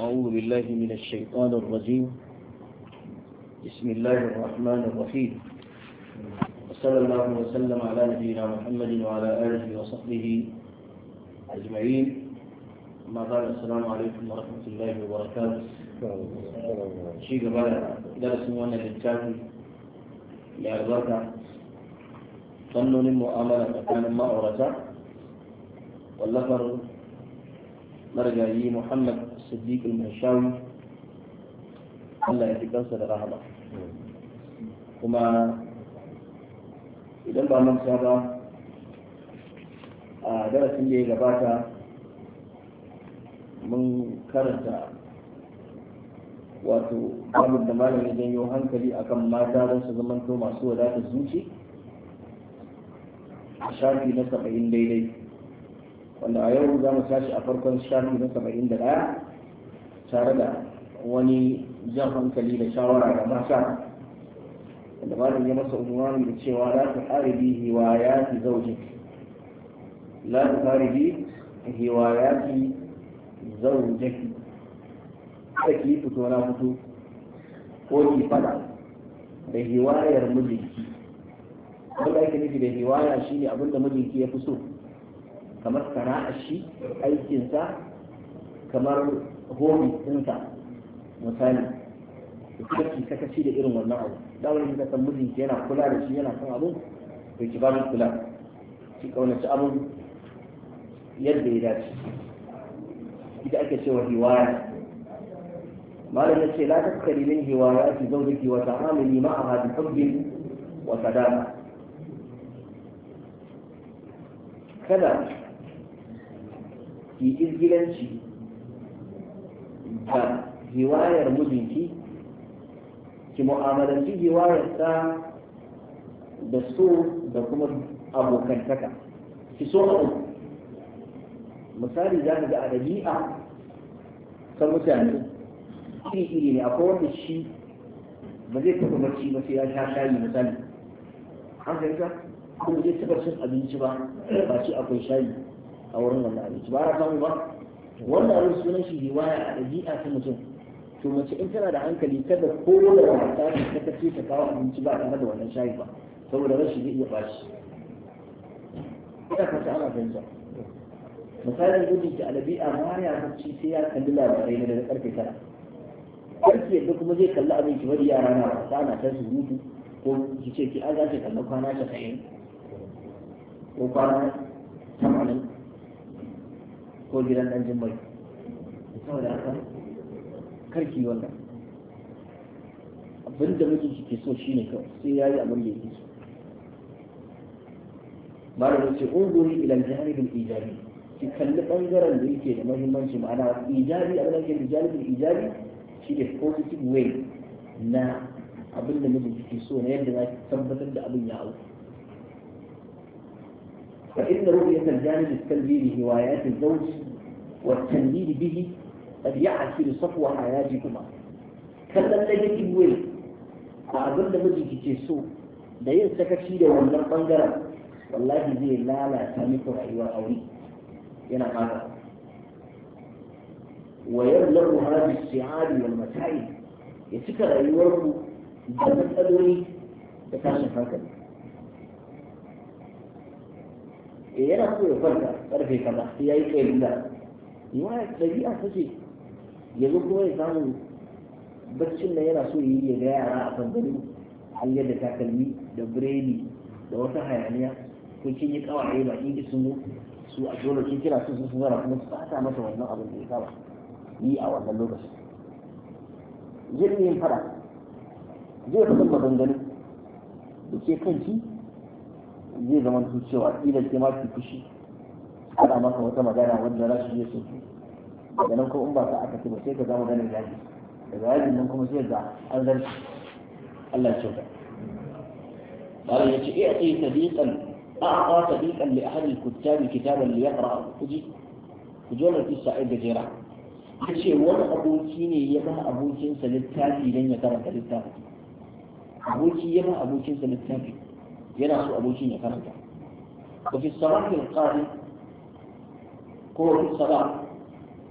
أعوذ بالله من الشيطان الرجيم بسم الله الرحمن الرحيم وصلى الله وسلم على نبينا محمد وعلى آله وصحبه أجمعين ما بعد السلام عليكم ورحمة الله وبركاته شيء قبل درس وانا للتالي يا البركة ظنوا المؤاملة مكان ما أورثه واللفر marigayi muhammad siddiq al-mashawi Allah ya fi kansa da rahama kuma idan ba manta ba a darasin da ya gabata mun karanta wato babin da malamin janyo hankali akan mata don su zamanto masu wadatar zuci a shafi na saba'in daidai wanda a yau za mu tashi a farkon shafi na saba'in da ɗaya tare da wani jan hankali da shawara da mata wanda malam ya masa umarni da cewa la ta haribi hiwayati zaujik la ta haribi hiwayati zaujik kada ki fito na fito ko ki fada da hiwayar mijinki wanda ake nufi da hiwaya shine abinda mijinki ya fi so kamar sana'ar shi aikinsa kamar hobi ɗinsa misali kaki sakaci da irin wannan abu da wani ka san ki yana kula da shi yana son abu to ki ba mu kula ki kaunaci abun yadda ya dace ita ake cewa hiwaya malam ya ce la takkari min hiwayati zawjiki wa ma ma'aha bi hubbin wa sadaqa kada ki izgilanci da hiwayar mijinki ki mu'amalanci hiwayarsa da so da kuma abokantaka ki so a misali za ka ga a ɗabi'a ta mutane iri iri ne akwai wanda shi ba zai taɓa barci ba sai ya sha shayi misali an fahimta kuma zai taɓa cin abinci ba ba shi akwai shayi a wurin wannan abinci ba na samu ba wannan abin sunan shi riwaya a ɗabi'a ta mutum to mace in tana da hankali kada kowane wani tsari ta kace ta kawo abinci ba tare da wannan shayi ba saboda rashin zai iya bashi ina fata ana fahimta misalin gudun ki a ɗabi'a ma ya bacci sai ya kalli labarai na daga karfe tara karfe yadda kuma zai kalli abinci wani yara na wasa na ta su mutu ko ki ce ki an za ki kalli kwana casa'in ko kwana tamanin ko gidan dan jimmai saboda haka karki wannan abin da mijinki ke so shine kawai sai yayi abin da yake so malamin ce unguri ila janibin ijabi ki kalli bangaren da yake da muhimmanci ma'ana ijabi abin da yake da janibin ijabi shi ne positive way na abin da mijinki ke so na yadda za ki tabbatar da abin ya auku فإن رؤية الجانب السلبي لهوايات الزوج والتنديد به قد يعكر صفو حياتكما kallon da yake wai a abin da miji ke so da yin sakaci da wannan bangaren wallahi zai lalata muku rayuwar aure yana fata wa yallahu hadi shi'ari wal matai ya cika rayuwarku da matsaloli da tashin hankali eh yana so ya kwanta karfe kaza sai da kailula ya a ta ya yanzu kuma ya samu baccin nan yana so yi ya ga yara a kan gani hanyar da takalmi da biredi da wata hayaniya ko kin yi kawaye ba kin ki mu su a dole kin kira su su zara kuma su bata masa wannan abin da ya saba yi a wannan lokacin zai yin fada zai fi maganganu da ke kan kanki zai zama su cewa ƙila ke ma ki fushi ana maka wata magana wanda za su shi so daga nan kuma in ba ka aka ce ba sai ka zama maganar yaji daga yajin nan kuma sai ga an zarci Allah ya kyauta قال يتئئتي صديقا أعطى صديقا لأحد الكتاب كتابا ليقرأه تجي kujerar isa ai gajera ya ce wani aboki ne ya ba abokinsa littafi don ya karanta littafi aboki ya ba abokinsa littafi yana so abokin ya karanta وفي الصباح القادم قوة في الصباح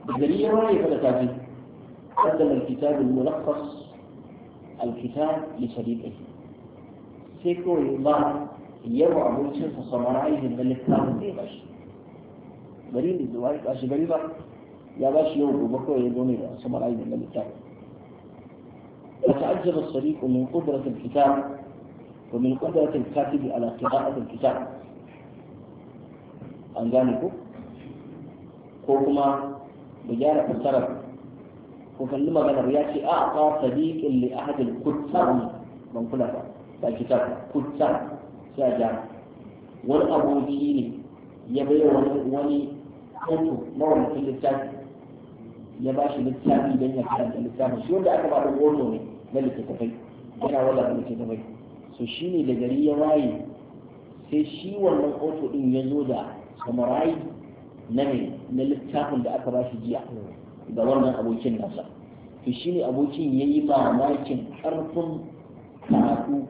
بدليل رأي فلتابي قدم الكتاب الملخص الكتاب لصديقه سيكو الله يوعى بلسن فصمر عليه من الكتاب اللي باش بريد الدوائي باش بريبا يا باش يوم وبكو يدوني صمر عليه من الكتاب وتعجب الصديق من قدرة الكتاب ومن قدرة الكاتب على قراءة الكتاب أن ذلك كوكما بجارة السرب وكلمة من الرياشي أعطى صديق لأحد الكتاب من كلها الكتاب كتاب ساجا والأبوكي يبيع وني kotu mawallafin littafi ya ba shi littafi don ya karanta littafin shi wanda aka ba da goto ne na littattafai yana wallafa littattafai to shi ne da gari ya waye sai shi wannan oto ɗin ya zo da samurayi na ne na littafin da aka ba shi jiya ga wannan abokin nasa to shi ne abokin ya yi mamakin ƙarfin karatu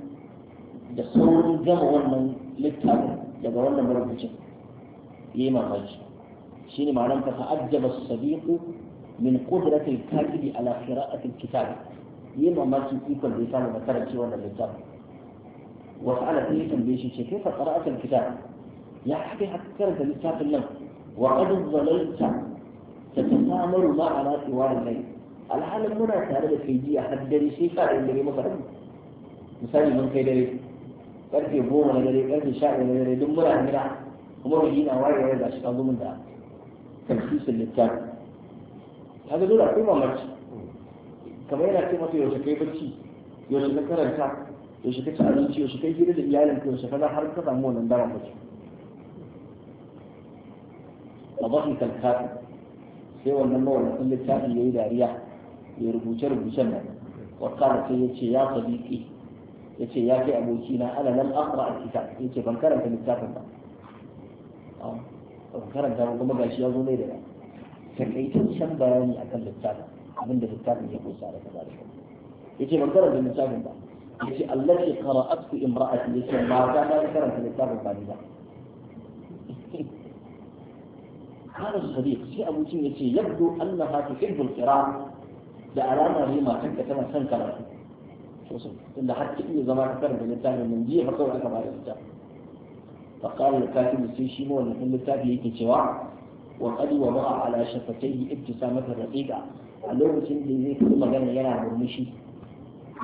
da saurin gama wannan littafin daga wannan marubucin ya yi mamaki shi ne ma'anar ka ta'ajjaba sadiqu min qudratil katibi ala qira'atil kitab yi mamaki ikon da ya samu na karanci wannan littafin وسأل فيه تنبيش كيف قرأت الكتاب يا حبي حكرة لكتاب الله وقد ظللت تتسامر ما على طوال الليل الحال المنا تعالى في جي أحد داري شيء فعل اللي مثلا مثالي من كي داري كرتي بوم ولا داري كرتي شعر ولا داري دم ولا هنا هم يجينا واي واي بأشكال من ده تنسيس الكتاب هذا دول أقوى مرش كما يلا كما يوشكي بلشي يوشكي بلشي yaushe ka ci abinci yaushe kai gida da iyalin ka yaushe kaza har ka samu wannan daren bace mabahin kalkafi sai wannan mawallafin littafi ya yi dariya ya rubuce rubucen nan wakala sai ya ce ya sadiqi ya ce ya kai abokina ana nan akra a kita ya ce ban karanta littafin ba ban karanta ba kuma gashi ya zo mai da ya takaitaccen bayani akan littafin abinda littafin ya kusa da kaza da kaza ya ce ban karanta littafin ba التي قرأت في امرأة yace ما كان na karanta littafin ba هذا الصديق في أبو تيم يبدو أنها تحب القراءة لأرانا ريما تنك كما تنكر إن حتى إيه زمان في الإنسان من دي فقال لك ما الكتاب فقال الكاتب السيشيمو أن الكتاب يكي سواء وقد وضع على شفتيه ابتسامة رقيقة a lokacin da zai kuma يلعب المشي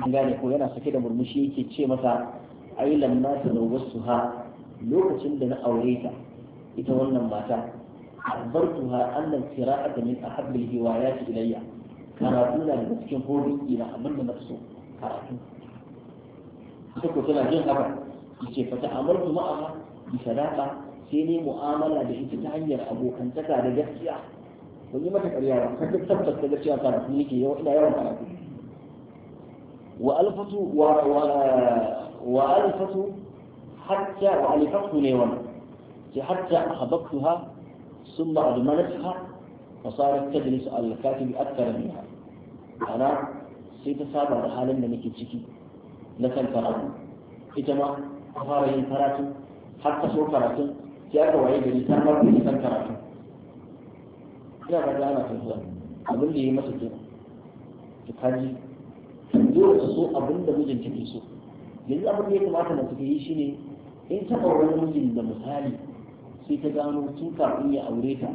an gane ko yana sake da murmushi yake ce masa ai lamma ta wasu ha lokacin da na aure ta ita wannan mata ha annan qira'ata min ahabbil hiwayat ilayya karatu na daga cikin hobi na abin da na karatu sai ko tana jin haka yace fa ta amartu amma bi sadaqa sai ne mu'amala da ita ta hanyar abokantaka da gaskiya ban mata ƙarya ba kan tabbata da cewa karatu yake yawa ina yawan karatu وألفة و... و... وألفة حتى وألفته نيوان حتى أحببتها ثم أدمنتها فصارت تجلس على الكاتب أكثر منها أنا سيتسابع حالا من كتشكي لكن كراتو إتما أفاره كراتو حتى سوى كراتو تأكد وعيد الإنسان مرضي لكن كراتو ina ba da ana tafiya abin da ya masa kenan ki kaji dole ta so abin da mijin so yanzu abin da ya kamata na ta yi shine in taɓa wani mijin da misali sai ta gano tun kafin ya aure ta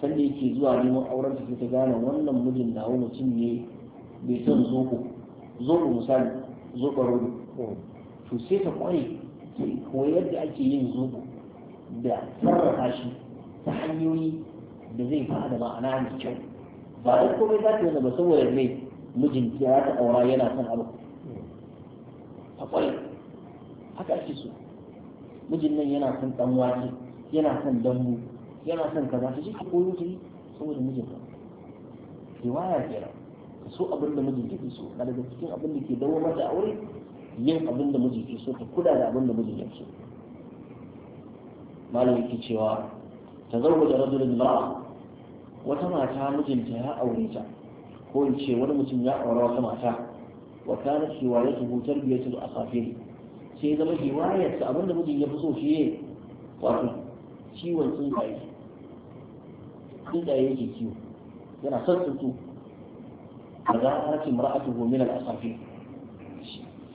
sanda yake zuwa neman auren ta sai ta gano wannan mijin da wani mutum ne bai son zoko zoko misali zoko rodo to sai ta kware koyar yadda ake yin zoko da sarrafa shi ta hanyoyi da zai fada ma'ana mai kyau ba da komai za ta yi zama saboda mai Mijinki ya ta aura yana son abu a kwarai haka ake so mijin nan yana son dan wake yana son dambu yana son kaza ta shi koyo ta yi saboda mijin ka riwaya kenan ka so abin da mijin ke so na daga cikin abin da ke dawo mata aure yin abin da mijin ke so ka kuda da abin da mijin ya so malam yake cewa ta zarwa da rajulin ba wata mata mijinta ya aure ta ko in ce wani mutum ya aure wata mata wa kana riwayatuhu su al-asafir sai zama riwayar sa abinda mijin ya fi so shi ne wato ciwon tsuntsaye tsuntsaye yake ciwo yana son tsuntsu da za a race mara'atuhu min al-asafir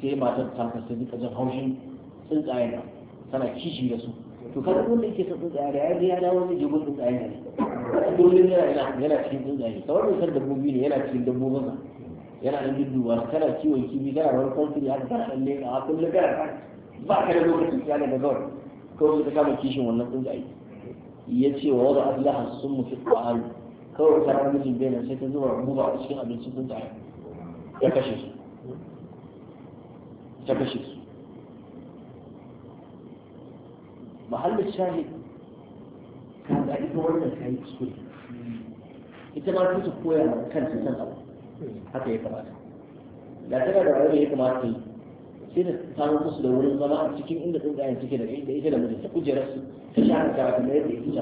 sai matar ta kasa duka jin haushin tsuntsaye tana kishi da su to kada wanda yake son tsuntsaye da ya dawo zai je gun tsuntsaye ne haka allolin yana ina yana cikin tsuntsaye kamar mai san dabbobi ne yana cikin dabbobin sa yana da dudduwa kana kiwon kibi kana wani kwantiri haka kana ɗan leƙa a kullum kana ba ka da lokacin ya daga gawar kawai ta kama kishin wannan tsuntsaye ya ce wa wadda azlaha sun mutu ƙwa'alu kawai ta ran mijin bai sai ta zuba guba a cikin abincin tsuntsaye ya kashe su ta kashe su mahallin shahid da ita wannan kuskure ita ma kusa koya ma kanta san abu haka ya kamata da tana da wani ya kamata yi sai da samu kusa da wurin zama a cikin inda tsuntsayen suke da inda ita da mutum ta kujerar su ta sha ta kamar yadda ya fi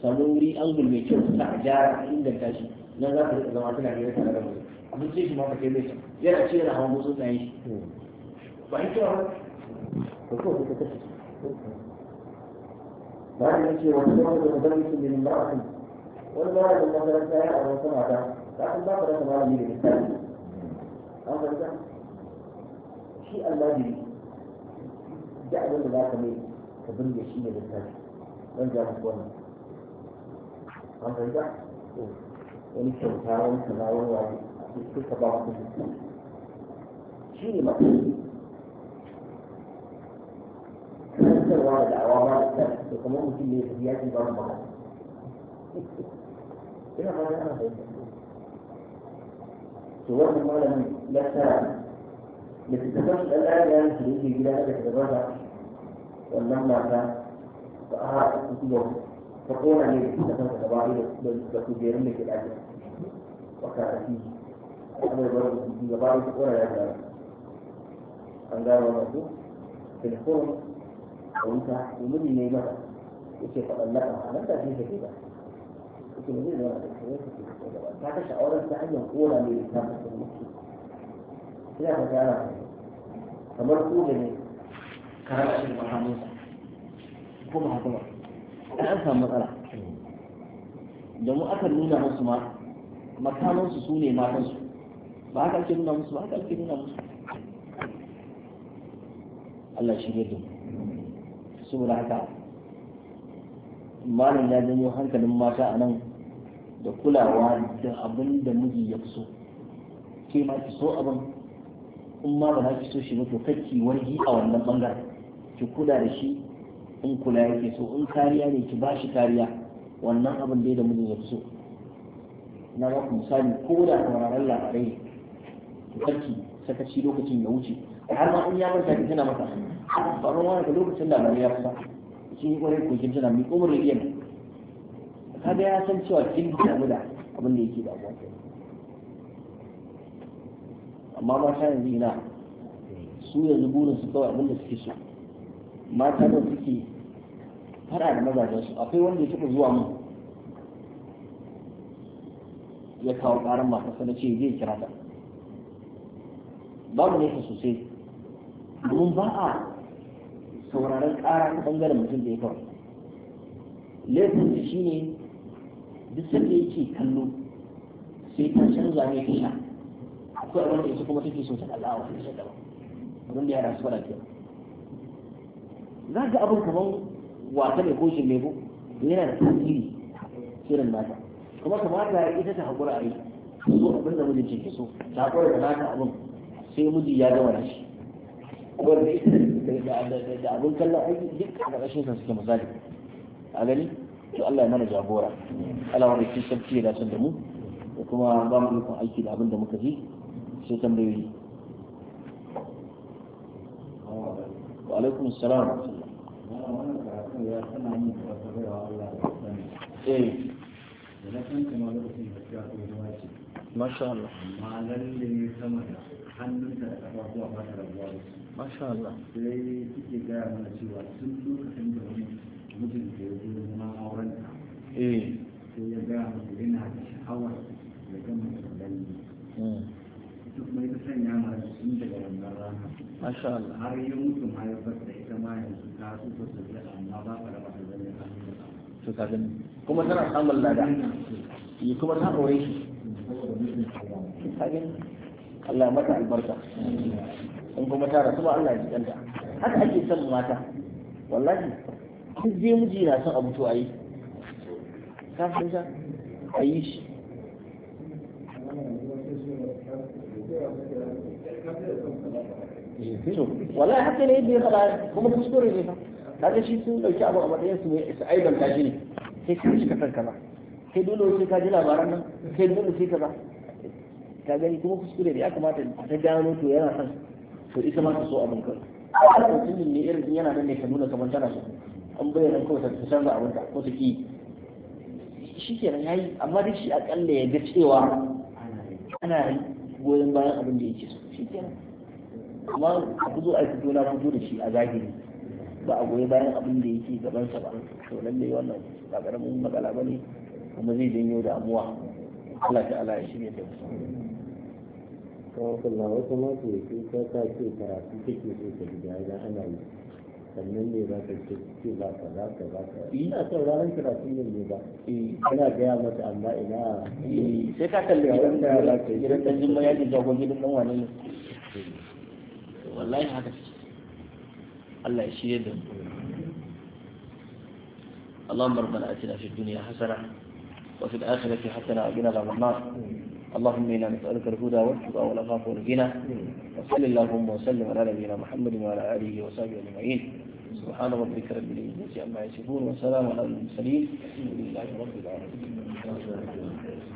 samu wuri angul mai kyau ta a gyara a inganta shi nan za ka rika zama tana gare da mutum abin ma kai yana ce yana hawan musu tsayin shi ba in ba ما يمشي وسوف تدرس للمرأة ولا يعرف مثلا ساعة أو سمعة لكن ما قدرت ما لم يجد أنت شيء الذي جعل ذاك من تبني شيء للثاني من جاء مكونا أنت رجع wani kyauta wani sana'ar wani suka ba su shi ne mafi karantarwa da da'awa ba wasan da kuma mutum ne ya yaji ba mu ba ina ba da ana to wannan malamin lakta da ta tafi da ɗaya da yake gida da ta gabata wannan mata ba a haɗa kusurwa ta kona ne da ta gaba da kujerun da ke ɗaki wakarafi kamar ba da gaba da ta kona ya gaba an gano masu telefon a wuta domin ne mata yake faɗan na a nan da shi ke ba yake ne zai zama da shi yake ke ta kashe auren ta hanyar kola ne ta kashe mutu ina ka gana kamar kola ne karar shi ba hannun ko ba haka ba an samu matsala Da mu aka nuna musu ma makamansu su ne matansu ba haka ake nuna musu ba haka ake nuna musu Allah shi ne domin saboda haka malam ya janyo hankalin mata a nan da kulawa da abin da miji ya fi so ke ma ki so abin in ma ba na ki so shi ba to kakki wargi a wannan bangar ki kula da shi in kula yake so in kariya ne ki ba shi kariya wannan abin dai da mijin ya fi so na ba ku misali ko da sauraron labarai ki karki sakaci lokacin ya wuce da har ma in ya manta ki tana masa faruwa wani lokacin da ya fasa shi ne kwarai kokin tana mai komar rigiyan kaga ya san cewa kin damu da abin da yake da kai amma mata yanzu ina su yanzu burin su kawai abin da suke so mata da suke fara da mazajen su akwai wanda ya taɓa zuwa mun ya kawo ƙarin masu sanace ce zai kira ta babu nesa sosai domin ba a sauraron ƙara ta ɓangaren mutum da ya kawai laifin shi ne duk sanda yake kallo sai ta canza mai fiya akwai abin da yake kuma take so ta kalla a wani shekaru abin da ya su fara kewa za ga abin kamar wata mai koshi mai mego yana da tasiri shirin mata. kuma kamata ita ta haƙura a yi so abin da mijin ke so ta haƙura da mata abin sai miji ya gama da shi wanda da abun kallon aiki duk a ƙarƙashin sa suke misali a gani to Allah ya mana jagora Allah wanda ke sarki ya dace da mu da kuma ba mu nufin aiki da abin da muka ji sai tambayoyi wa alaikum salam eh ما شاء الله. ما لن يسمى حنوسة أبوه ما شاء الله. masha Allah sai kike ga mana cewa tun lokacin da mutum ke yi na auren ta eh sai ya ga mutum yana da sha'awar da gama da duk mai ta sanya mara daga wannan rana masha Allah har yi mutum har ya fasa ita ma yanzu ta su ta amma ba ka raba da ka gani kuma tana samun lada yi eh, kuma ta aure shi ka gani Allah mata albarka in kuma ta rasu ba Allah ya ji kanta haka ake son mata wallahi duk dai miji na son abu to ayi ka san sa ayi shi eh, wallahi haka ne yadda ya faɗa kuma kuskure ne fa kaga shi sun dauki abu a matsayin su ne su aibanta shi ne sai ka shi ka kasar kaza sai dole sai ka ji labaran nan sai dole sai kaza ka gani kuma kuskure da ya kamata ta gano to yana son to ita ma ta so abin ka a mutumin ne irin yana nan ne ka nuna kamar tana so an bayyana kawai ta canza abin ta ko ta ki shi kenan ya yi amma duk shi akalla ya ga cewa ana goyon bayan abin da yake so shi amma a fito a fito na fito da shi a zahiri ba a goyi bayan abin da yake sa ba to lalle wannan ba karamin magana ba ne kuma zai janyo amuwa Allah ta'ala ya shirya da musamman kuma kulla wata mafi yake ta ta ce karatu take so ta gida idan ana yi sannan ne za ka ce ce ba ka za ka za ka ina sauraron karatu ne ne ba kana gaya mata amma ina sai ka kalli gidan da gidan dan jimma ya ji jagon gidan dan wane ne wallahi haka Allah ya shirye da mu اللهم ربنا اتنا في الدنيا حسنه وفي الاخره حسنه وقنا عذاب النار اللهم إنا نسألك الهدى والتقى والعفاف والغنى وصل اللهم وسلم على نبينا محمد وعلى آله وصحبه أجمعين سبحان ربك رب العزة عما يصفون وسلام على المرسلين الحمد لله رب العالمين